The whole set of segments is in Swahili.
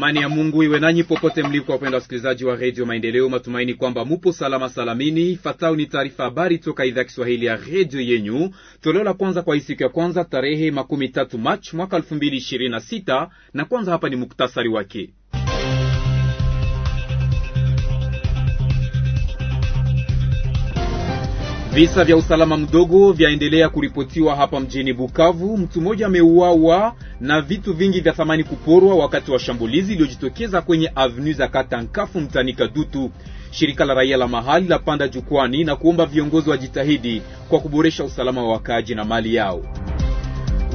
Amani ya Mungu iwe nanyi popote mlipo, wapenda wasikilizaji wa redio Maendeleo. Matumaini kwamba mupo salama salamini. fatau ni taarifa habari toka idhaa Kiswahili ya redio yenyu, toleo la kwanza kwa siku ya kwanza tarehe 13 Machi mwaka elfu Na kwanza hapa ni muktasari wake. Visa vya usalama mdogo vyaendelea kuripotiwa hapa mjini Bukavu. Mtu mmoja ameuawa na vitu vingi vya thamani kuporwa wakati wa shambulizi iliyojitokeza kwenye avenue za Katankafu mtani Kadutu. Shirika la raia la mahali la panda jukwani na kuomba viongozi wajitahidi kwa kuboresha usalama wa wakaaji na mali yao.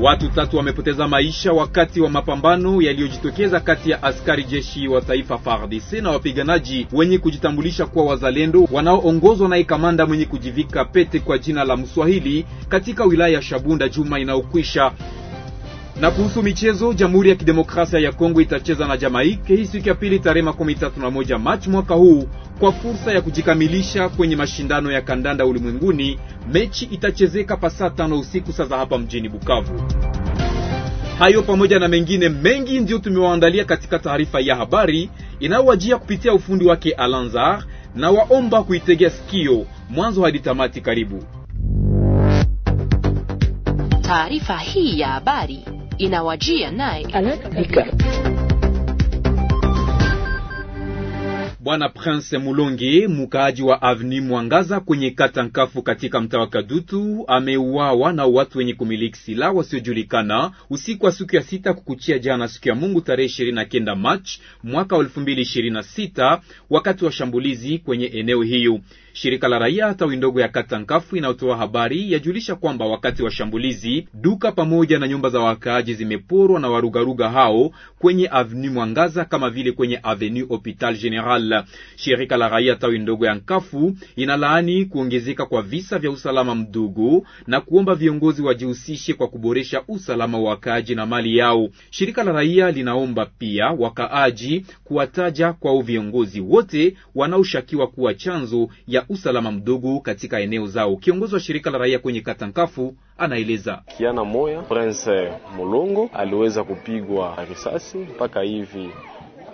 Watu tatu wamepoteza maisha wakati wa mapambano yaliyojitokeza kati ya askari jeshi wa taifa FARDC na wapiganaji wenye kujitambulisha kuwa wazalendo wanaoongozwa naye kamanda mwenye kujivika pete kwa jina la Mswahili katika wilaya ya Shabunda juma inayokwisha. Na kuhusu michezo, Jamhuri ya Kidemokrasia ya Kongo itacheza na Jamaika hii siku ya pili tarehe 31 Machi mwaka huu kwa fursa ya kujikamilisha kwenye mashindano ya kandanda ulimwenguni. Mechi itachezeka pa saa tano usiku saa za hapa mjini Bukavu. Hayo pamoja na mengine mengi ndiyo tumewaandalia katika taarifa ya habari inayowajia kupitia ufundi wake Alanzar, na waomba kuitegea sikio mwanzo hadi tamati. Karibu taarifa hii ya habari inawajia naye Bwana Prince Mulonge, mukaaji wa Avni Mwangaza kwenye kata Nkafu katika mtaa wa Kadutu, ameuawa na watu wenye kumiliki silaha wasiojulikana usiku wa siku ya sita kukuchia jana, siku ya Mungu tarehe kenda Machi mwaka sita wakati wa shambulizi kwenye eneo hiyo. Shirika la raia tawi ndogo ya Katankafu inayotoa habari yajulisha kwamba wakati wa shambulizi duka pamoja na nyumba za wakaaji zimeporwa na warugaruga hao kwenye Avenue Mwangaza kama vile kwenye Avenue Hopital General. Shirika la raia tawi ndogo ya Nkafu inalaani kuongezeka kwa visa vya usalama mdogo na kuomba viongozi wajihusishe kwa kuboresha usalama wa wakaaji na mali yao. Shirika la raia linaomba pia wakaaji kuwataja kwa viongozi wote wanaoshukiwa kuwa chanzo ya usalama mdogo katika eneo zao. Kiongozi wa shirika la raia kwenye kata Nkafu anaeleza kiana moya Prince Mulongo aliweza kupigwa risasi mpaka hivi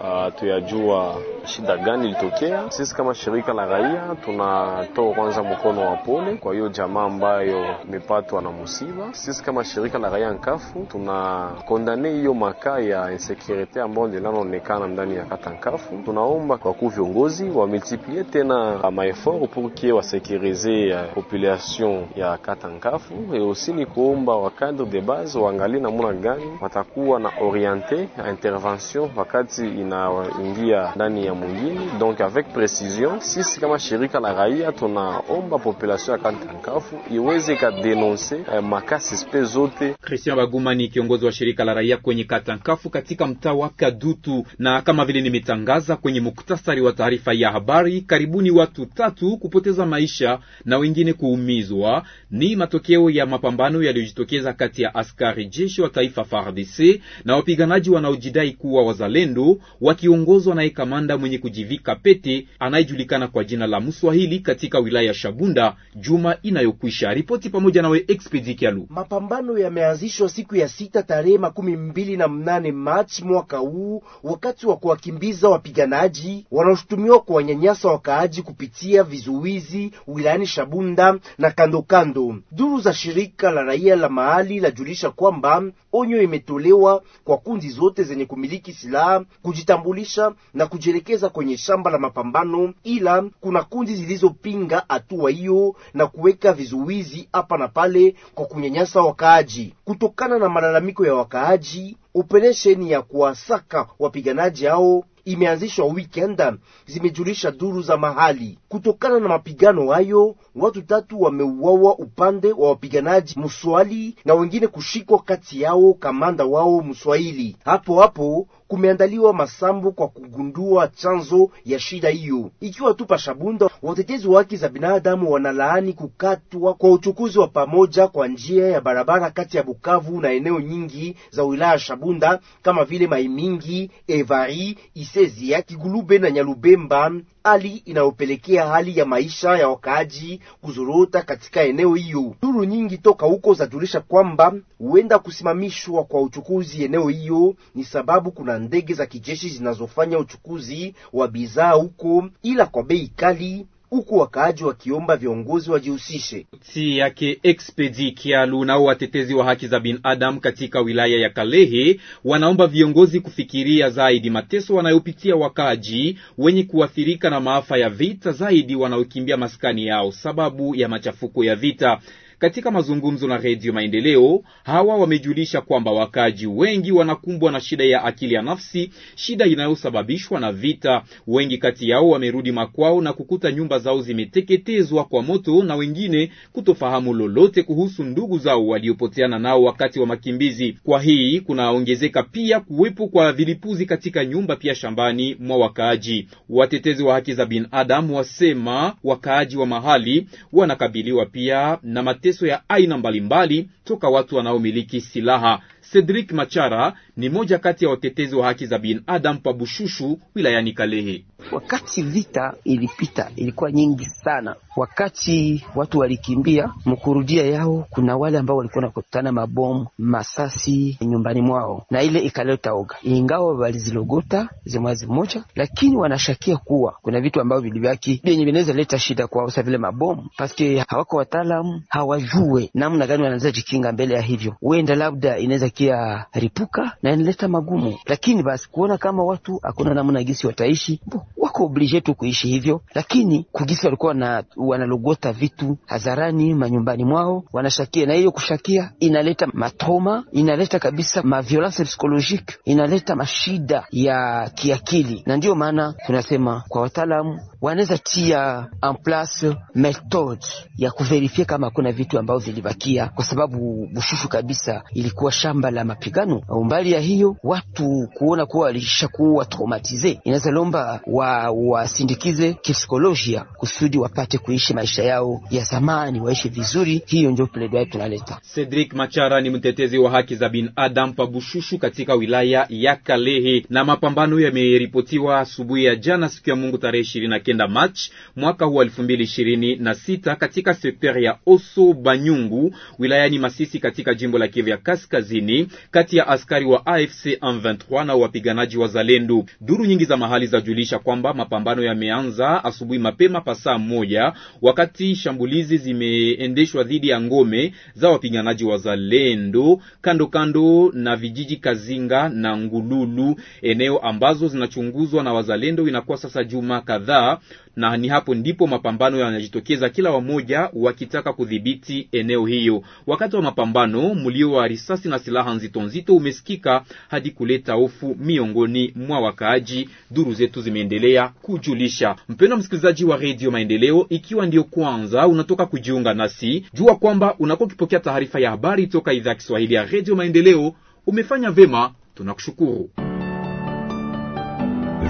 Ah, tuyajua shida gani ilitokea. Sisi kama shirika la raia tunatoa kwanza mkono wa pole kwa hiyo jamaa ambayo imepatwa na musiba. Sisi kama shirika la raia Nkafu tunakondane hiyo makaa ya insekurite ambayo inaonekana ndani ya kata Nkafu. Tunaomba wakuu viongozi wamultiplie tena maefort pour que wasekurize ya eh, population ya kata Nkafu, e aussi ni kuomba wa cadre de base waangalie namuna gani watakuwa na oriente intervention wakati inaingia ndani ya mwingine. Donc avec precision, sisi kama shirika la raia tunaomba population ya Kantankafu iweze ikadenonse eh, makasi spe zote. Christian Baguma ni kiongozi wa shirika la raia kwenye Katankafu katika mtaa wa Kadutu, na kama vile nimetangaza kwenye muktasari wa taarifa ya habari, karibuni watu tatu kupoteza maisha na wengine kuumizwa ni matokeo ya mapambano yaliyojitokeza kati ya askari jeshi wa taifa FARDC na wapiganaji wanaojidai kuwa wazalendo wakiongozwa naye kamanda mwenye kujivika pete anayejulikana kwa jina la Mswahili katika wilaya ya Shabunda juma inayokwisha. Ripoti pamoja nawe Expedi Kyalu. Mapambano yameanzishwa siku ya sita tarehe makumi mbili na mnane Machi mwaka huu wakati wa kuwakimbiza wapiganaji wanaoshutumiwa kuwanyanyasa wakaaji kupitia vizuizi wilayani Shabunda na kandokando. Duru za shirika la raia la mahali lajulisha kwamba onyo imetolewa kwa kundi zote zenye kumiliki silaha kujita kujitambulisha na kujielekeza kwenye shamba la mapambano, ila kuna kundi zilizopinga hatua hiyo na kuweka vizuizi hapa na pale kwa kunyanyasa wakaaji. Kutokana na malalamiko ya wakaaji, operesheni ya kuwasaka wapiganaji hao imeanzishwa weekend, zimejulisha duru za mahali. Kutokana na mapigano hayo, watu tatu wameuawa upande wa wapiganaji Mswali na wengine kushikwa, kati yao kamanda wao Muswahili. Hapo hapo kumeandaliwa masambo kwa kugundua chanzo ya shida hiyo, ikiwa tupa shabunda Watetezi wa haki za binadamu wanalaani kukatwa kwa uchukuzi wa pamoja kwa njia ya barabara kati ya Bukavu na eneo nyingi za wilaya Shabunda kama vile Mai Mingi, Evari, Bisezi ya Kigulube na Nyalubemba, hali inayopelekea hali ya maisha ya wakaaji kuzorota katika eneo hiyo. Duru nyingi toka huko zajulisha kwamba huenda kusimamishwa kwa uchukuzi eneo hiyo ni sababu kuna ndege za kijeshi zinazofanya uchukuzi wa bidhaa huko, ila kwa bei kali huku wakaaji wakiomba viongozi wajihusishe. si yake Expedi Kialu, nao watetezi wa haki za binadamu katika wilaya ya Kalehe wanaomba viongozi kufikiria zaidi mateso wanayopitia wakaaji wenye kuathirika na maafa ya vita, zaidi wanaokimbia maskani yao sababu ya machafuko ya vita. Katika mazungumzo na Redio Maendeleo, hawa wamejulisha kwamba wakaaji wengi wanakumbwa na shida ya akili ya nafsi, shida inayosababishwa na vita. Wengi kati yao wamerudi makwao na kukuta nyumba zao zimeteketezwa kwa moto na wengine kutofahamu lolote kuhusu ndugu zao waliopoteana nao wakati wa makimbizi. Kwa hii kunaongezeka pia kuwepo kwa vilipuzi katika nyumba pia shambani mwa wakaaji. Watetezi wa haki za binadamu wasema wakaaji wa mahali wanakabiliwa pia na mate mateso ya aina mbalimbali toka watu wanaomiliki silaha Cedric Machara ni moja kati ya watetezi wa haki za binadamu pa Bushushu wilayani Kalehe. Wakati vita ilipita ilikuwa nyingi sana, wakati watu walikimbia mkurudia yao, kuna wale ambao walikuwa nakutana mabomu masasi nyumbani mwao, na ile ikaleta oga, ingawa walizilogota zimwazi moja, lakini wanashakia kuwa kuna vitu ambavyo vilibaki vyenye vinaweza leta shida kwao, sa vile mabomu, paske hawako wataalamu, hawajue namna gani wanaweza jikinga mbele ya hivyo, huenda labda inaweza kuwekea ripuka na inaleta magumu, lakini basi kuona kama watu hakuna namna gisi wataishi bo, wako oblige tu kuishi hivyo, lakini kugisi walikuwa na, wanalogota vitu hadharani manyumbani mwao wanashakia, na hiyo kushakia inaleta matoma inaleta kabisa maviolence psikolojike, inaleta mashida ya kiakili, na ndiyo maana tunasema kwa wataalamu wanaweza tia en place methode ya kuverifie kama hakuna vitu ambavyo vilibakia, kwa sababu Bushushu kabisa ilikuwa shamba la mapigano. Umbali ya hiyo watu kuona kuwa walishakuwa traumatize, inaweza lomba wa wasindikize kipsikolojia kusudi wapate kuishi maisha yao ya zamani, waishi vizuri. Hiyo ndio pledoyer tunaleta. Cedric Machara ni mtetezi wa haki za binadamu pa Bushushu katika wilaya ya Kalehe, na mapambano yameripotiwa asubuhi ya jana siku ya Mungu tarehe kenda Machi mwaka huu elfu mbili ishirini na sita katika sekteri ya Oso Banyungu wilayani Masisi katika jimbo la Kivu ya Kaskazini, kati ya askari wa AFC M23 na wapiganaji wa Zalendo. Duru nyingi za mahali zajulisha kwamba mapambano yameanza asubuhi mapema pasaa moja, wakati shambulizi zimeendeshwa dhidi ya ngome za wapiganaji wa Zalendo kando kando na vijiji Kazinga na Ngululu, eneo ambazo zinachunguzwa na wazalendo. Inakuwa sasa juma kadhaa na ni hapo ndipo mapambano yanajitokeza, kila wamoja wakitaka kudhibiti eneo hiyo. Wakati wa mapambano, mlio wa risasi na silaha nzito nzito umesikika hadi kuleta hofu miongoni mwa wakaaji, duru zetu zimeendelea kujulisha. Mpendwa msikilizaji wa Redio Maendeleo, ikiwa ndio kwanza unatoka kujiunga nasi, jua kwamba unakuwa ukipokea taarifa ya habari toka idhaa ya Kiswahili ya Redio Maendeleo. Umefanya vema, tunakushukuru.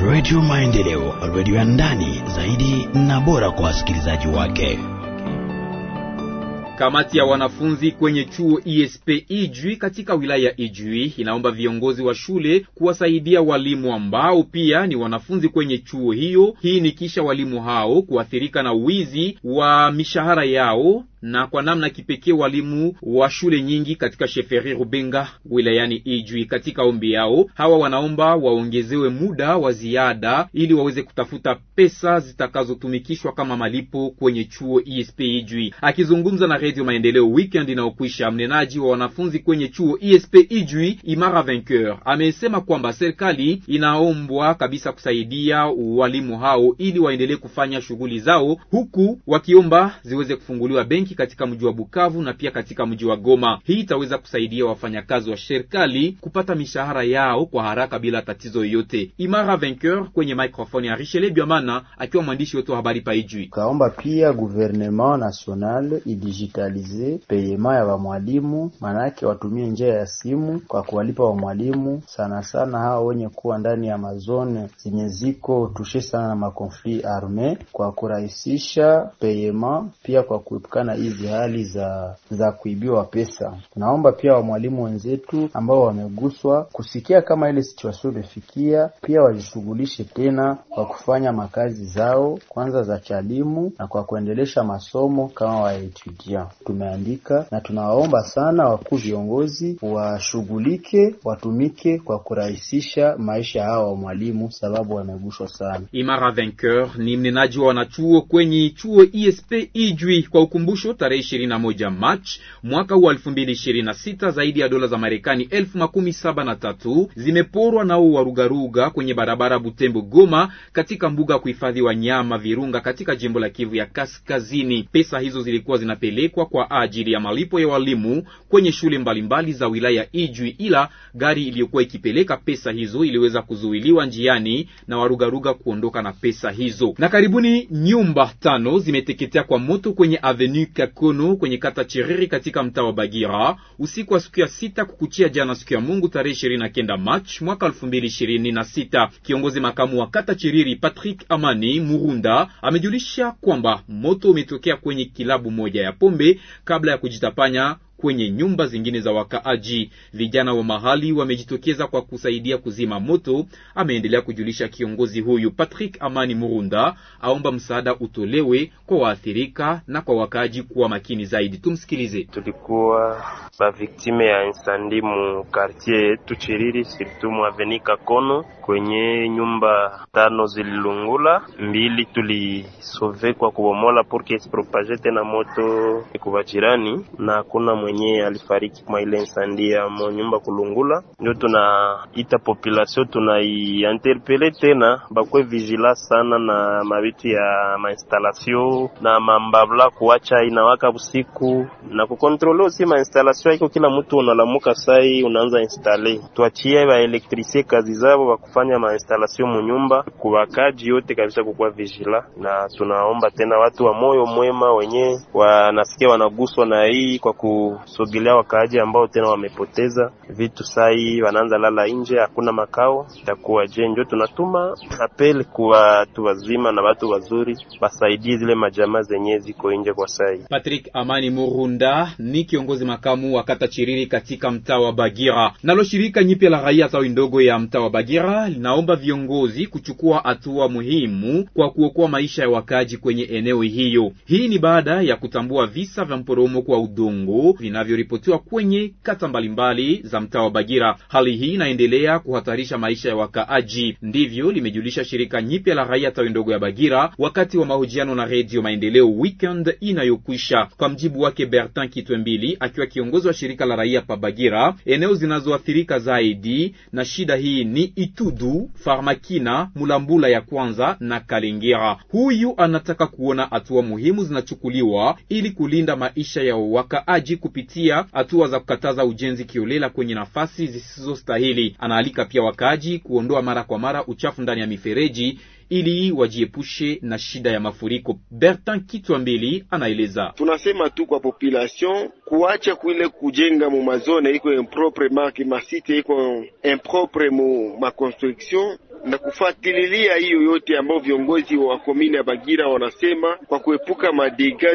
Radio Maendeleo, radio ya ndani zaidi na bora kwa wasikilizaji wake. Kamati ya wanafunzi kwenye chuo esp ijui katika wilaya ijui inaomba viongozi wa shule kuwasaidia walimu ambao pia ni wanafunzi kwenye chuo hiyo. Hii ni kisha walimu hao kuathirika na wizi wa mishahara yao na kwa namna kipekee walimu wa shule nyingi katika sheferi Rubenga wilayani Ijwi. Katika ombi yao, hawa wanaomba waongezewe muda wa ziada ili waweze kutafuta pesa zitakazotumikishwa kama malipo kwenye chuo ISP e Ijwi. Akizungumza na Radio Maendeleo weekend inayokwisha, mnenaji wa wanafunzi kwenye chuo ISP e Ijwi Imara Vainqueur amesema kwamba serikali inaombwa kabisa kusaidia walimu hao ili waendelee kufanya shughuli zao, huku wakiomba ziweze kufunguliwa benki mabaki katika mji wa Bukavu na pia katika mji wa Goma. Hii itaweza kusaidia wafanyakazi wa serikali kupata mishahara yao kwa haraka bila tatizo yoyote. Imara Vainqueur kwenye microphone ya Richele Biamana akiwa mwandishi wetu wa habari Paijui. Kaomba pia gouvernement national idigitalize peyema ya wamwalimu, manake watumie njia ya simu kwa kuwalipa wamwalimu, sana sana hawa wenye kuwa ndani ya mazone zenye ziko tushe sana na makonfli arme, kwa kurahisisha peyema, pia kwa kuepukana hizi hali za za kuibiwa pesa. Tunaomba pia wamwalimu wenzetu ambao wameguswa kusikia kama ile situation imefikia, pia wajishughulishe tena kwa kufanya makazi zao kwanza za chalimu na kwa kuendelesha masomo kama waetudia. Tumeandika na tunawaomba sana wakuu viongozi washughulike, watumike kwa kurahisisha maisha hawa wa mwalimu, sababu wameguswa sana. Imara Vainqueur ni mnenaji wa wanachuo kwenye chuo ISP e Ijwi kwa ukumbusho tatu tarehe 21 Machi mwaka wa 2026, zaidi ya dola za Marekani 1073 makumi na zimeporwa nao warugaruga kwenye barabara Butembo Goma, katika mbuga ya kuhifadhi wanyama Virunga katika jimbo la Kivu ya Kaskazini. Pesa hizo zilikuwa zinapelekwa kwa ajili ya malipo ya walimu kwenye shule mbalimbali za wilaya Ijwi, ila gari iliyokuwa ikipeleka pesa hizo iliweza kuzuiliwa njiani na warugaruga kuondoka na pesa hizo. Na karibuni nyumba tano zimeteketea kwa moto kwenye avenue katika Kunu kwenye kata Chiriri katika mtaa wa Bagira usiku wa siku ya sita kukuchia jana siku ya Mungu tarehe ishirini na kenda Machi mwaka elfu mbili ishirini na sita. Kiongozi makamu wa kata Chiriri Patrick Amani Murunda amejulisha kwamba moto umetokea kwenye kilabu moja ya pombe kabla ya kujitapanya kwenye nyumba zingine za wakaaji. Vijana wa mahali wamejitokeza kwa kusaidia kuzima moto, ameendelea kujulisha kiongozi huyu. Patrick Amani Murunda aomba msaada utolewe kwa waathirika na kwa wakaaji kuwa makini zaidi. Tumsikilize. tulikuwa baviktime ya insandi mu kartier yetu Chiriri sirtumu aveni kwenye nyumba tano zililungula, mbili tulisove kwa kubomola porque isipropage tena moto kwa na kuna mwenye mwenyewe alifariki mwa ile nsandia mo nyumba kulungula, ndio tunaita population tunaiinterpele tena bakwe vigila sana na mabitu ya mainstalatio na mambabla kuacha inawaka busiku na kukontrole usi mainstalatio aiko, kila mtu unalamuka sai unaanza instale. Tuachie baelektrisie kazi zabo bakufanya mo munyumba, kubakaji yote kabisa kukuwa vigila, na tunaomba tena watu wa moyo mwema wenye wanasikia wanaguswa na hii kwa ku kusogelea wakaaji ambao tena wamepoteza vitu, sai wanaanza lala nje, hakuna makao. Itakuwa je? Njo tunatuma apel kwa watu wazima na watu wazuri wasaidie zile majamaa zenyewe ziko nje kwa hii. Patrick Amani Murunda ni kiongozi makamu wa kata Chiriri katika mtaa wa Bagira. Nalo shirika nyipya la raia sawi ndogo ya mtaa wa Bagira linaomba viongozi kuchukua hatua muhimu kwa kuokoa maisha ya wakaaji kwenye eneo hiyo. Hii ni baada ya kutambua visa vya mporomoko wa udongo vinavyoripotiwa kwenye kata mbalimbali za mtaa wa Bagira. Hali hii inaendelea kuhatarisha maisha ya wakaaji, ndivyo limejulisha shirika nyipya la raia tawi ndogo ya Bagira wakati wa mahojiano na Redio Maendeleo weekend inayokwisha. Kwa mjibu wake Bertin Kitwembili, akiwa kiongozi wa shirika la raia pa Bagira, eneo zinazoathirika zaidi na shida hii ni Itudu, Farmakina, Mulambula ya kwanza na Kalingira. Huyu anataka kuona hatua muhimu zinachukuliwa ili kulinda maisha ya wakaaji kupitia hatua za kukataza ujenzi kiolela kwenye nafasi zisizostahili. Anaalika pia wakaaji kuondoa mara kwa mara uchafu ndani ya mifereji ili wajiepushe na shida ya mafuriko. Bertin mbili anaeleza. Tunasema tu kwa population kuacha kuile kujenga mu mazone iko impropre, make masite iko impropre mu maconstruction na kufuatililia hiyo yote ambayo viongozi wa komini ya Bagira wanasema kwa kuepuka madega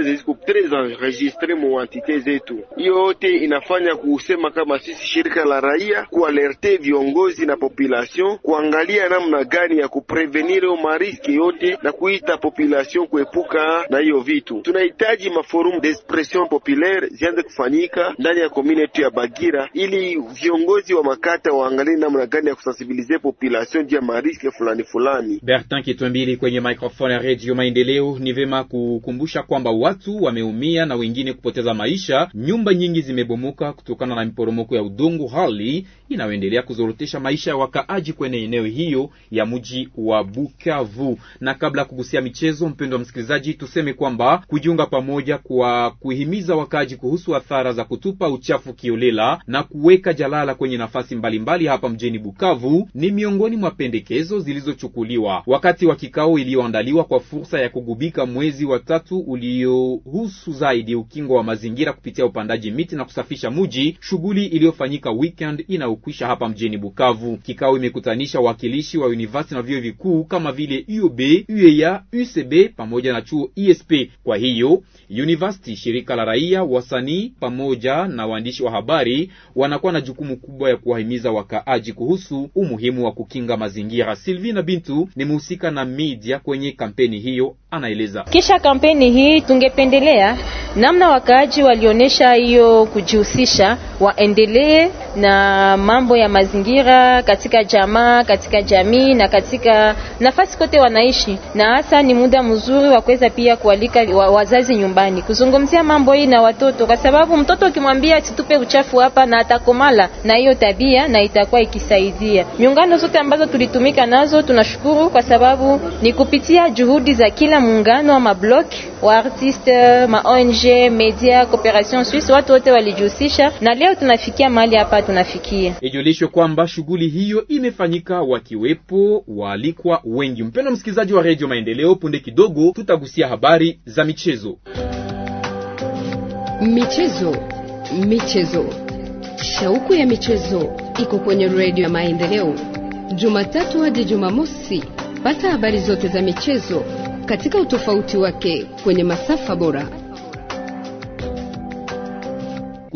tres enregistre mu entite zetu. Hiyo yote inafanya kusema kama sisi shirika la raia kualerte viongozi na population kuangalia namna gani ya kuprevenir mariski yote na kuita population kuepuka na hiyo vitu. Tunahitaji maforum d'expression populaire zianze kufanyika ndani ya komini yetu ya Bagira ili viongozi wa makata waangalie namna gani ya kusensibilize population ya mariske fulani fulani. Bertin Kitwembili kwenye microphone ya Radio Maendeleo. Ni vema kukumbusha kwamba watu wameumia na wengine kupoteza maisha, nyumba nyingi zimebomoka kutokana na miporomoko ya udongo hali inayoendelea kuzorotesha maisha ya wakaaji kwenye eneo hiyo ya mji wa Bukavu. Na kabla ya kugusia michezo, mpendo wa msikilizaji, tuseme kwamba kujiunga pamoja kwa kuhimiza wakaaji kuhusu athara za kutupa uchafu kiolela na kuweka jalala kwenye nafasi mbalimbali mbali hapa mjini Bukavu ni miongoni mwa pendekezo zilizochukuliwa wakati wa kikao iliyoandaliwa kwa fursa ya kugubika mwezi wa tatu uliohusu zaidi ukingo wa mazingira kupitia upandaji miti na kusafisha mji, shughuli iliyofanyika weekend ina uliokwisha hapa mjini Bukavu. Kikao imekutanisha wawakilishi wa univesiti na vyuo vikuu kama vile UOB, UEA, UCB pamoja na chuo ESP. Kwa hiyo university, shirika la raia, wasanii pamoja na waandishi wa habari wanakuwa na jukumu kubwa ya kuwahimiza wakaaji kuhusu umuhimu wa kukinga mazingira. Silvina Bintu ni mhusika na media kwenye kampeni hiyo, anaeleza. Kisha kampeni hii tungependelea namna wakaaji walionyesha hiyo kujihusisha, waendelee na mambo ya mazingira katika jamaa, katika jamii na katika nafasi kote wanaishi, na hasa ni muda mzuri wa kuweza pia kualika wazazi nyumbani kuzungumzia mambo hii na watoto, kwa sababu mtoto ukimwambia situpe uchafu hapa, na atakomala na hiyo tabia, na itakuwa ikisaidia. Miungano zote ambazo tulitumika nazo tunashukuru, kwa sababu ni kupitia juhudi za kila muungano ama block wa artiste, ma ONG, media, Cooperation Suisse, watu wote walijihusisha, na leo tunafikia mahali hapa tunafikia. Ijulishwe kwamba shughuli hiyo imefanyika wakiwepo waalikwa wengi. Mpendwa msikilizaji wa Radio Maendeleo, punde kidogo tutagusia habari za michezo. Michezo, michezo, shauku ya michezo iko kwenye redio ya Maendeleo, Jumatatu hadi Jumamosi. Pata habari zote za michezo katika utofauti wake kwenye masafa bora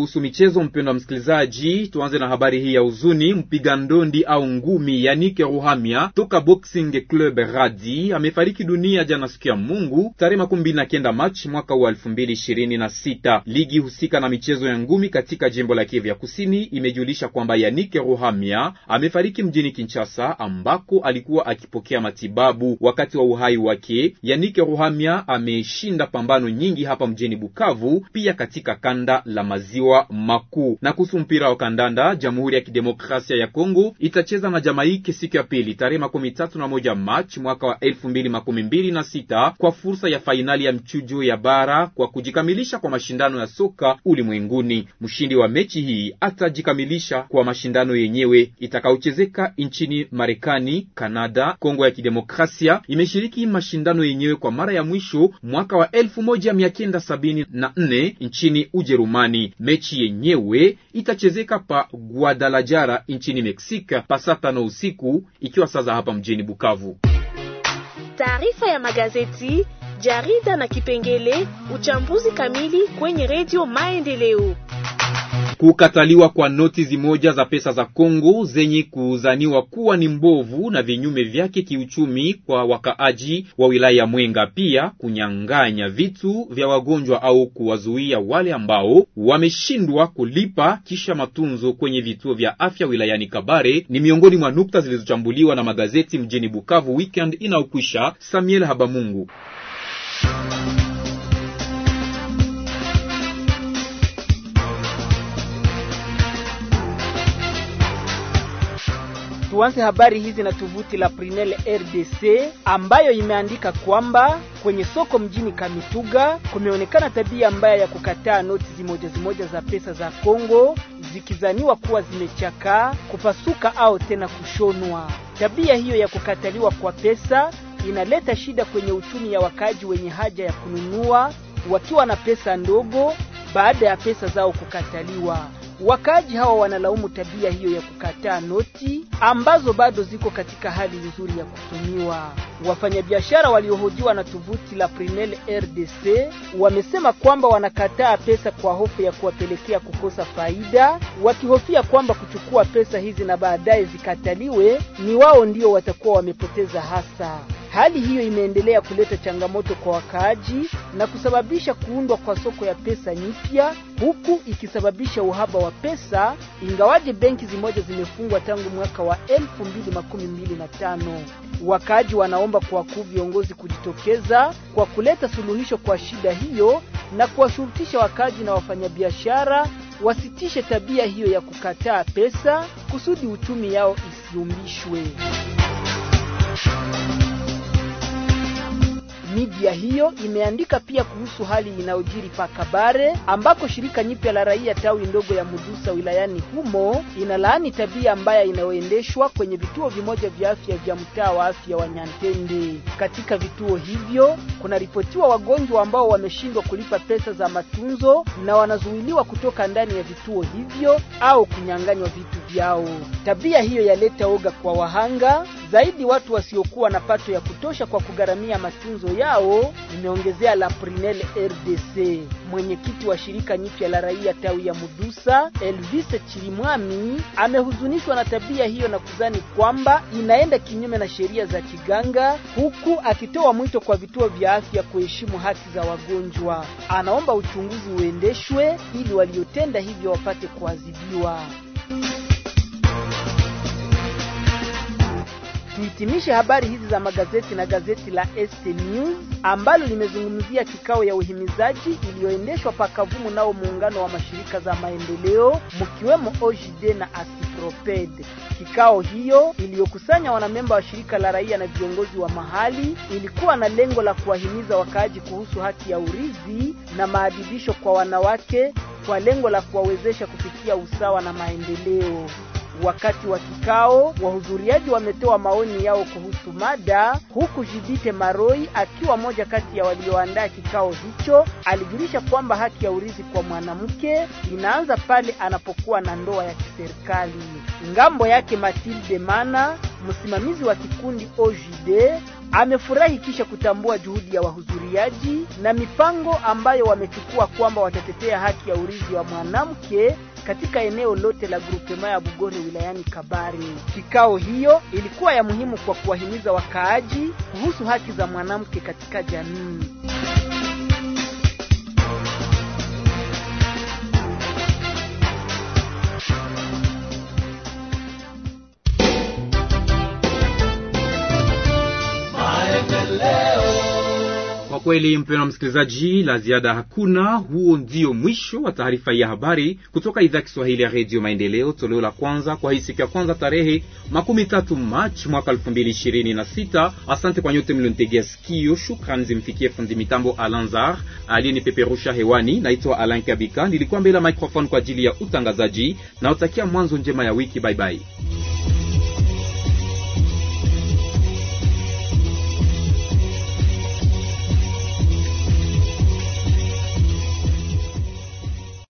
kuhusu michezo, mpendwa msikilizaji, tuanze na habari hii ya huzuni. Mpiga ndondi au ngumi yanike Ruhamia toka Boxing Club Radi amefariki dunia jana siku ya Mungu tarehe makumi mbili na kenda Machi mwaka wa elfu mbili ishirini na sita. Ligi husika na michezo ya ngumi katika jimbo la Kivu ya Kusini imejulisha kwamba yanike Ruhamia amefariki mjini Kinshasa ambako alikuwa akipokea matibabu. Wakati wa uhai wake, yanike Ruhamia ameshinda pambano nyingi hapa mjini Bukavu, pia katika kanda la maziwa maziwa makuu. Na kuhusu mpira wa kandanda, Jamhuri ya Kidemokrasia ya Kongo itacheza na Jamaiki siku ya pili tarehe makumi tatu na moja Machi mwaka wa elfu mbili makumi mbili na sita kwa fursa ya fainali ya mchujo ya bara kwa kujikamilisha kwa mashindano ya soka ulimwenguni. Mshindi wa mechi hii atajikamilisha kwa mashindano yenyewe itakayochezeka nchini Marekani. Kanada, Kongo ya Kidemokrasia imeshiriki mashindano yenyewe kwa mara ya mwisho mwaka wa elfu moja mia kenda sabini na nne nchini Ujerumani. Mechi yenyewe itachezeka pa Guadalajara nchini Meksika pasata na usiku ikiwa sasa hapa mjini Bukavu. Taarifa ya magazeti, jarida na kipengele uchambuzi kamili kwenye redio Maendeleo. Kukataliwa kwa noti zimoja za pesa za Kongo zenye kuzaniwa kuwa ni mbovu na vinyume vyake kiuchumi kwa wakaaji wa wilaya ya Mwenga, pia kunyang'anya vitu vya wagonjwa au kuwazuia wale ambao wameshindwa kulipa kisha matunzo kwenye vituo vya afya wilayani Kabare ni miongoni mwa nukta zilizochambuliwa na magazeti mjini Bukavu weekend inayokwisha. Samuel Habamungu Tuanze habari hizi na tovuti la Prinel RDC ambayo imeandika kwamba kwenye soko mjini Kamituga kumeonekana tabia mbaya ya kukataa noti zimoja zimoja za pesa za Kongo zikizaniwa kuwa zimechakaa, kupasuka au tena kushonwa. Tabia hiyo ya kukataliwa kwa pesa inaleta shida kwenye uchumi ya wakaji wenye haja ya kununua wakiwa na pesa ndogo baada ya pesa zao kukataliwa. Wakaaji hawa wanalaumu tabia hiyo ya kukataa noti ambazo bado ziko katika hali nzuri ya kutumiwa. Wafanyabiashara waliohojiwa na tovuti la Primel RDC wamesema kwamba wanakataa pesa kwa hofu ya kuwapelekea kukosa faida, wakihofia kwamba kuchukua pesa hizi na baadaye zikataliwe, ni wao ndio watakuwa wamepoteza hasa. Hali hiyo imeendelea kuleta changamoto kwa wakaaji na kusababisha kuundwa kwa soko ya pesa nyipya, huku ikisababisha uhaba wa pesa, ingawaje benki zimoja zimefungwa tangu mwaka wa 2025. Wakaaji wanaomba kwa kuu viongozi kujitokeza kwa kuleta suluhisho kwa shida hiyo na kuwashurutisha wakaaji na wafanyabiashara wasitishe tabia hiyo ya kukataa pesa kusudi uchumi yao isiumbishwe. Media hiyo imeandika pia kuhusu hali inayojiri pa Kabare ambako shirika nyipya la raia tawi ndogo ya Mudusa wilayani humo inalaani tabia mbaya inayoendeshwa kwenye vituo vimoja vya afya vya mtaa wa afya wa Nyantende. Katika vituo hivyo kunaripotiwa wagonjwa ambao wameshindwa kulipa pesa za matunzo na wanazuiliwa kutoka ndani ya vituo hivyo au kunyang'anywa vitu vyao. Tabia hiyo yaleta oga kwa wahanga zaidi watu wasiokuwa na pato ya kutosha kwa kugharamia matunzo yao, imeongezea la Prinel RDC. Mwenyekiti wa shirika nyipya la raia tawi ya Mudusa, Elvis Chirimwami, amehuzunishwa na tabia hiyo na kuzani kwamba inaenda kinyume na sheria za kiganga, huku akitoa mwito kwa vituo vya afya kuheshimu haki za wagonjwa. Anaomba uchunguzi uendeshwe ili waliotenda hivyo wapate kuadhibiwa. Tuhitimishe habari hizi za magazeti na gazeti la ST News ambalo limezungumzia kikao ya uhimizaji iliyoendeshwa pakavumu nao muungano wa mashirika za maendeleo mkiwemo OJD na Asiproped. Kikao hiyo iliyokusanya wanamemba wa shirika la raia na viongozi wa mahali ilikuwa na lengo la kuwahimiza wakaaji kuhusu haki ya urithi na maadibisho kwa wanawake kwa lengo la kuwawezesha kufikia usawa na maendeleo. Wakati wa kikao, wahudhuriaji wametoa maoni yao kuhusu mada, huku Jidite Maroi akiwa moja kati ya walioandaa kikao hicho, alijulisha kwamba haki ya urithi kwa mwanamke inaanza pale anapokuwa na ndoa ya kiserikali. Ngambo yake Matilde Mana, msimamizi wa kikundi OJD, amefurahi kisha kutambua juhudi ya wahudhuriaji na mipango ambayo wamechukua kwamba watatetea haki ya urithi wa mwanamke katika eneo lote la grupema ya Bugore wilayani Kabari. Kikao hiyo ilikuwa ya muhimu kwa kuwahimiza wakaaji kuhusu haki za mwanamke katika jamii. kweli, mpendwa msikilizaji, la ziada hakuna. Huo ndio mwisho wa taarifa ya habari kutoka idhaa Kiswahili ya Redio Maendeleo, toleo la kwanza kwa hii siku ya kwanza tarehe makumi tatu Machi mwaka elfu mbili ishirini na sita. Asante kwa nyote mlionitegea sikio. Shukrani zimfikie fundi mitambo Alanzar aliyenipeperusha hewani. Naitwa Alan Kabika, nilikuwa mbele ya microphone kwa ajili ya utangazaji. Naotakia mwanzo njema ya wiki. Baibai.